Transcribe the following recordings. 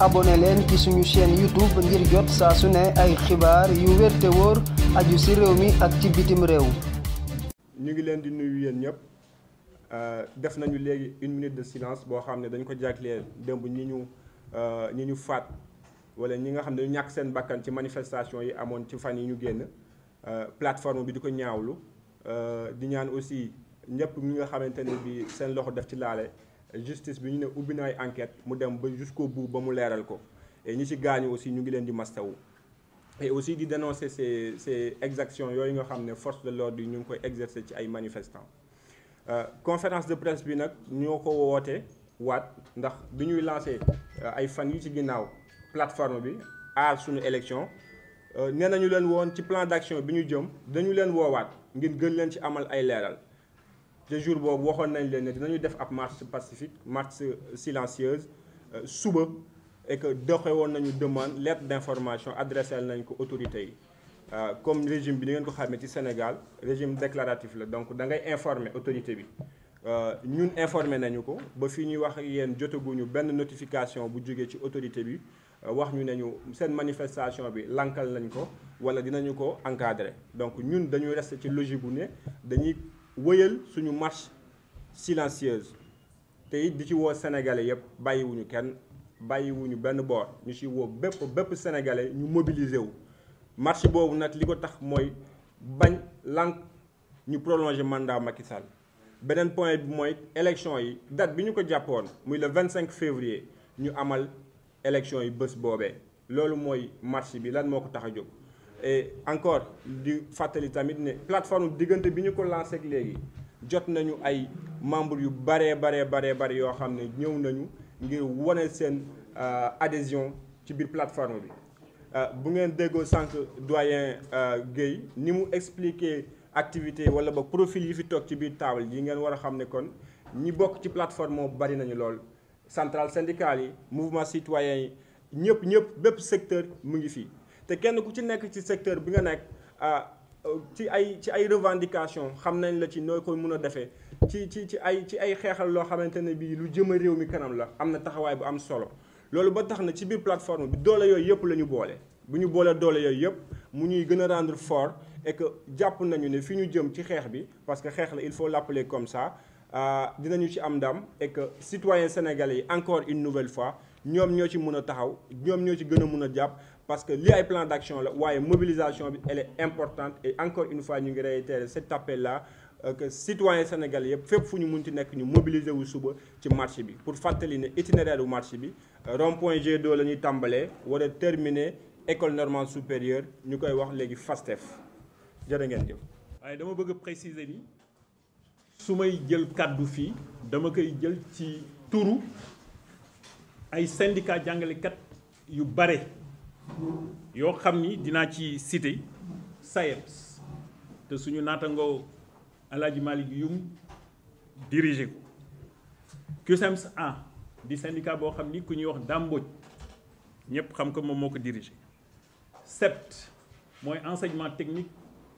abonné leen ci suñu chaîne YouTube ngir jot saa su ne ay xibaar yu wér te wóor aju ci réew mi ak ci bitim réew. ñu ngi leen di nuyu yéen ñëpp euh, def nañu léegi une minute de silence boo xam ne dañu ko jagleel démb ñi ñu euh, ñi ñu faat wala ñi nga xam ne dañu ñàkk seen bakkan ci manifestation yi amoon ci fan yi ñu génn euh, plateforme bi di ko ñaawlu di ñaan aussi ñëpp ñi nga xamante ne bi seen loxo def ci laale. justice bi ñu ne ubbi na ay enquête mu dem ba jusqu'au buub ba mu leeral ko et ñi ci gaañu aussi ñu ngi leen di mastawu et aussi di dénoncer ces ces exactions yooyu nga xam ne force de l'ordre yi ñu ngi koy exercer ci ay manifestants euh, conférence de presse bi nag ñoo ko woote waat ndax bi ñuy lancé euh, ay fan yi ci ginnaaw plateforme bi aar suñu élection euh, nee nañu leen woon ci plan d'action bi ñu jëm dañu leen woowaat ngir gën leen ci amal ay leeral le jour boobu waxoon nañ leen ne dinañu def ab marche pacifique marche silencieuse euh, suba et que doxe woon nañu demande lettre d'information adressé nañ ko autorité yi euh, comme régime bi ni ngeen ko xamee ci Sénégal régime déclaratif la donc da ngay informer autorité bi euh, ñun informé nañu ko ba fii ñuy wax yéen jotaguñu benn notification bu jógee ci autorité bi wax ñu ne ñu seen manifestation bi lankal nañ ko wala dinañu ko encadrer donc ñun dañuy rester ci logique bu ne dañuy. wëyal suñu marche silencieuse te it di ci woo sénégalais yëpp bàyyiwuñu kenn bàyyiwuñu benn boor ñu ci woo bépp bépp sénégalais ñu mobiliser wu. marche boobu nag li ko tax mooy bañ lànk ñu prolonger mandat Macky beneen point bi mooy élection yi date bi ñu ko jàppoon muy le 25 février ñu amal élection yi bés boobee loolu mooy marche bi lan moo ko tax a jóg. encore di fàttali tamit ne plateforme diggante bi ñu ko lancé ak léegi jot nañu ay membres yu baree baree baree bari yoo xam ne ñëw nañu ngir wane seen euh, adhésion ci biir plateforme bi euh, bu ngeen déggoo sànq doyen euh, Guèye ni mu expliquer activité wala ba profil yi fi toog ci biir table yi ngeen war a xam ne kon ñi bokk ci plateforme moom bari nañu lool centrale syndicale yi mouvement citoyen yi ñëpp ñëpp bépp secteur mu ngi fii te kenn ku ci nekk ci secteur bi nga nekk ah, ci ay ci ay revendication xam nañ la ci noo koy mun a defee ci ci ci ay ci ay xeexal loo xamante ne bii lu jëm réew mi kanam la am na taxawaay bu am solo loolu ba tax na ci biir plateforme bi doole yooyu yëpp la ñu boole bu ñu boolee doole yooyu yëpp mu ñuy gën a rendre fort et que jàpp nañu ne fi ñu jëm ci xeex bi parce que xeex la il faut l'appeler comme ça ah, dinañu ci am ndam et que citoyens sénégalais yi encore une nouvelle fois ñoom ñoo ci mun a taxaw ñoom ñoo ci gën a mën a jàpp parce que lii ay plan d'action la waaye mobilisation bi elle est importante et encore une fois ñu ngi réitérer cet appel là euh, que citoyen sénégal yëpp fépp fu ñu mun ci nekk ñu mobiliser wu suba ci marché bi pour fàttali ne itinéraire bu marché bi euh, rond-point G2 la tàmbalee war terminer école normale supérieure ñu koy wax léegi FASTEF jërë ngeen jëf. waaye dama bëgg a préciser ni su may jël kàddu fii dama koy jël ci turu. ay syndicat jàngalekat yu bare yoo xam ni dinaa ci cité SAEPS te suñu naatangoo Alaaji Malick Youm dirigé ko CUSEMS A di syndicat boo xam ni ku ñuy wax dàmboj ñëpp xam ko moom moo ko dirigé SEPT mooy enseignement technique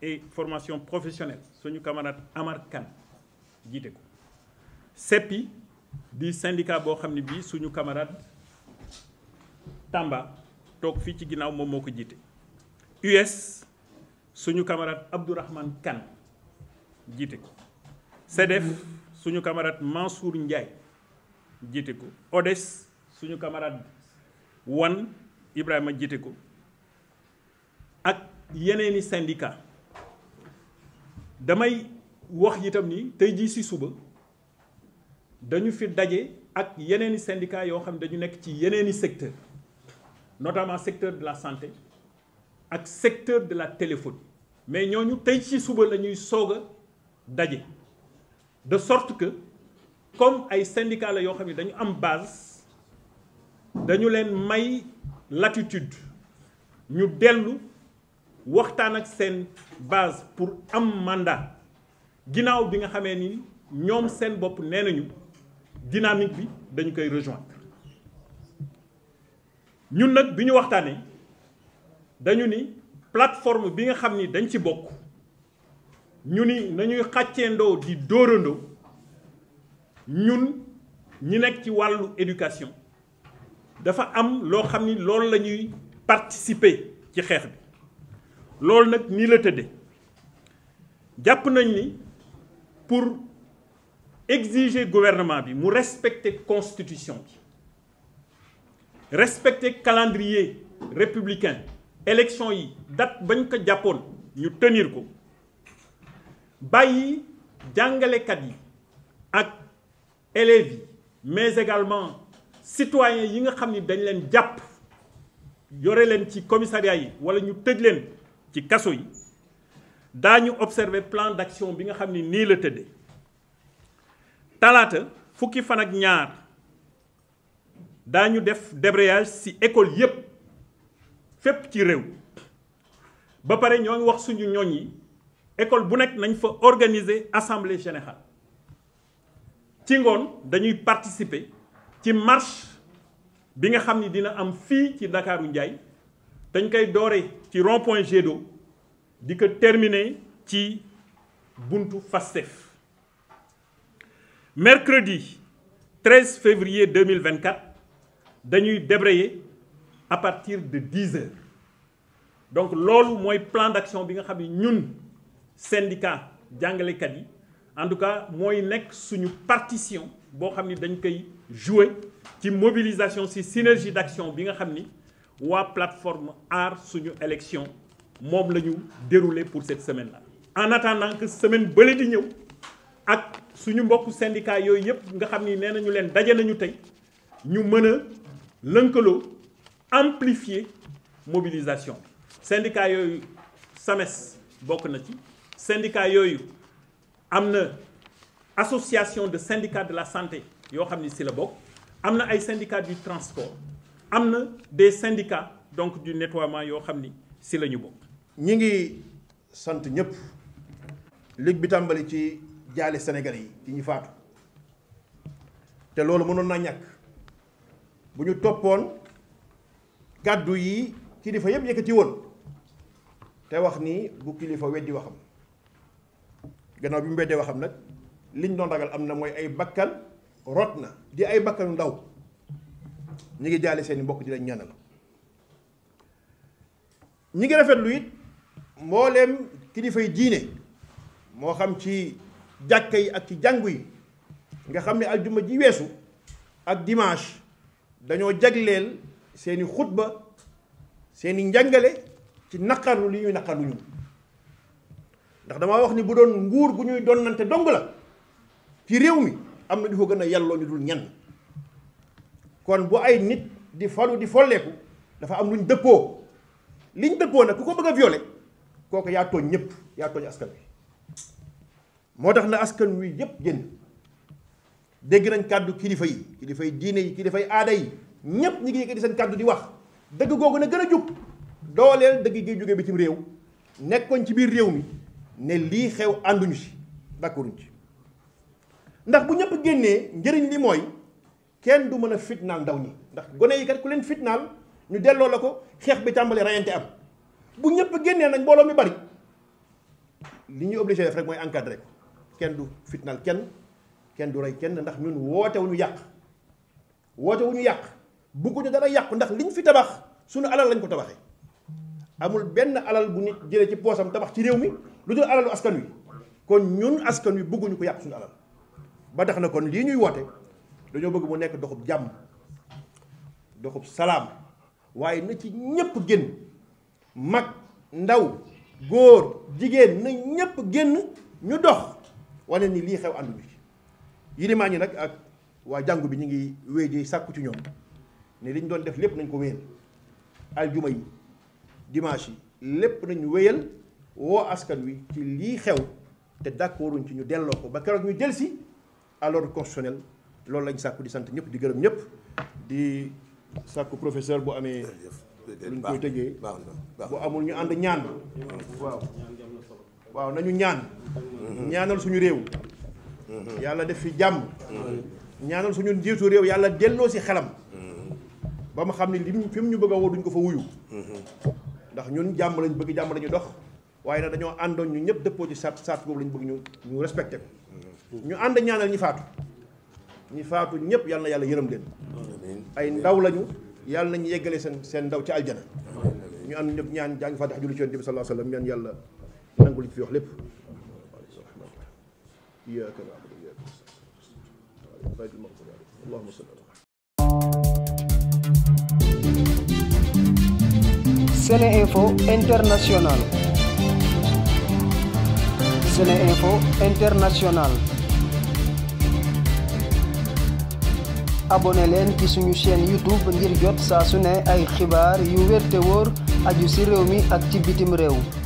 et formation professionnelle suñu camarade Amar Kane jiite ko SEPI di syndicat boo xam ne bii suñu camarade tàmba toog fii ci ginnaaw moom moo ko jiite. US suñu camarade Abdourahmane kan jiite ko CEDEF suñu camarade Mansour Ndiaye jiite ko ODES suñu camarade Wan Ibrahima jiite ko ak yeneeni syndicat damay wax yitam ni tey ji ci suba. dañu fi daje ak yeneeni syndicats yoo xam ne dañu nekk ci yeneeni secteur notamment secteur de la santé ak secteur de la téléphonie mais ñooñu tey ci suba lañuy ñuy soog a daje de sorte que comme ay syndicats la yoo xam ne dañu am base dañu leen may latitude ñu dellu waxtaan ak seen base pour am mandat ginnaaw bi nga xamee ni ñoom seen bopp nee nañu dynamique bi dañ koy rejoindre ñun nag bi ñu waxtaanee dañu ni plateforme bi nga xam ni dañ ci bokk ñu ni nañuy xàccee xàcceendoo di dóorandoo ñun ñi nekk ci wàllu éducation dafa am loo xam ni loolu lañuy ñuy ci xeex bi loolu nag nii la tëddee jàpp nañ ni pour exiger gouvernement bi mu respecter constitution bi respecter calendrier républicain élection yi dat bañ ko jàppoon ñu tenir ko bàyyi jàngalekat yi ak élèves yi mais également citoyens yi nga xam ni dañ leen jàpp yore leen ci commissariat yi wala ñu tëj leen ci kaso yi daañu observer plan d'action bi nga xam ni nii la tëddee talaata fukki fan ak ñaar daañu def débrayage ci école yépp fépp ci réew ba pare ñoo wax suñu ñoñ yi école bu nekk nañ fa organiser assemblée générale ci ngoon dañuy participer ci marche bi nga xam ni dina am fii ci Ndakaaru Njaay dañ koy doore ci rond point Jet d'eau di ko terminer ci buntu Fastef mercredi 13 février 2024 dañuy débrayer à partir de 10 donc loolu mooy plan d'action bi nga xam ne ñun syndicat jàngalekat yi en tout cas mooy nekk suñu partition boo xam ni dañ koy jouer ci mobilisation ci synergie d'action bi nga xam ni waa plateforme aar suñu élection moom la ñu dérouler pour cette semaine là en attendant que semaine bële di ñëw ak suñu mbokk syndicat yooyu yëpp nga xam ni nee nañu leen daje nañu tey ñu mën a lënkaloo amplifier mobilisation syndicat yooyu SAMES bokk na ci syndicat yooyu am na association de syndicats de la santé yoo xam ni si la bokk am na ay syndicats du transport am na des syndicats donc du nettoiement yoo xam ni si lañu bokk ñi ngi sant ñëpp ligue bi tàmbali ci jaale senegal yi ci ñu faatu te loolu mënoon na ñàkk bu ñu toppoon kàddu yi kilifa yëpp yëkkati woon te wax nii bu kilifa weddi waxam gannaaw bi mu weddee waxam nag liñ doon ragal am na mooy ay bakkan rot na di ay bakkanu ndaw ñu ngi jaale seeni mbokk di lañ ñaanal ñi ngi rafet it mbooleem kilifay diine moo xam ci jàkka yi ak ci jàngu yi nga xam ne juma ji weesu ak dimanche dañoo jagleel seeni xutba seeni njàngale ci naqarlu li ñuy naqarlu ñun ndax damaa wax ni bu doon nguur gu ñuy donnante dong la ci réew mi am na di ko gën a yàlloo ñu dul ñenn kon bu ay nit di falu di folleeku dafa am luñ dëppoo liñ dëppoo nag ku ko bëgg a violé kooku yaa tooñ ñëpp yaa tooñ askan bi moo tax na askan wi yépp génn dégg nañ kàddu kilifa yi kilifa yi diine yi kilifa yi aada yi ñépp ñi ngi yëkkati seen kàddu di wax dëgg googu ne gën a jug dooleel dëgg gi jóge bitim réew nekkoon ci biir réew mi ne lii xew ànduñu ci d'accorduñ ci ndax bu ñëpp génnee njëriñ li mooy kenn du mën a fitnaal ndaw ñi ndax gone yi kat ku leen fitnaal ñu delloo la ko xeex bi tàmbali rayante am bu ñëpp génnee nag mbooloo mi bari li ñuy obligé def rek mooy encadré kenn du fitnal kenn kenn du rey kenn ndax ñun woote wu ñu yàq woote wu ñu yàq bëgguñu dara yàqu ndax liñ fi tabax suñu alal lañ ko tabaxee amul benn alal bu nit jëlee ci poosam tabax ci réew mi lu dul alalu askan wi kon ñun askan wi bëgguñu ko yàq suñu alal ba tax na kon lii ñuy woote dañoo bëgg mu nekk doxub jàmm doxub salaam waaye na ci ñépp génn mag ndaw góor jigéen na ñépp génn ñu dox wane ni lii xew àndu bi yilimaan yi nag ak waa jàngu bi ñu ngi wéy di sàkku ci ñoom ne liñ doon def lépp nañ ko wéyal juma yi dimanche yi lépp nañ wéyal woo askan wi ci lii xew te d'accorduñ ci ñu delloo ko ba keroog ñu jël si à l'ordre constitutionnel loolu lañ sàkku di sant ñëpp di gërëm ñëpp di sàkku professeur bu amee luñ koy tëjee bu amul ñu ànd ñaan waaw nañu ñaan ñaanal suñu réew yàlla def fi jàmm ñaanal suñu njiitu réew yàlla delloo si xelam ba mu xam ne li fi mu ñu bëgg a woo duñ ko fa wuyu ndax ñun jàmm lañ bëgg jàmm lañu dox waaye nag dañoo àndoon ñu ñëpp dëppoo ci sart sart boobu lañ bëgg ñu ñu respecté ko ñu ànd ñaanal ñi faatu ñi faatu ñëpp yàlla yàlla yërëm leen ay ndaw lañu yàlla nañu yeggale seen seen ndaw ci aljana ñu ànd ñëpp ñaan jàng faatax julli ci yonent bi sallallahu alayhi wa sallam ñaan yàlla nangu li fi lépp إياك نعبد International SeneInfo leen ci suñu chaîne YouTube ngir jot saa su ne ay xibaar yu wér te aju ci réew mi ak ci bitim réew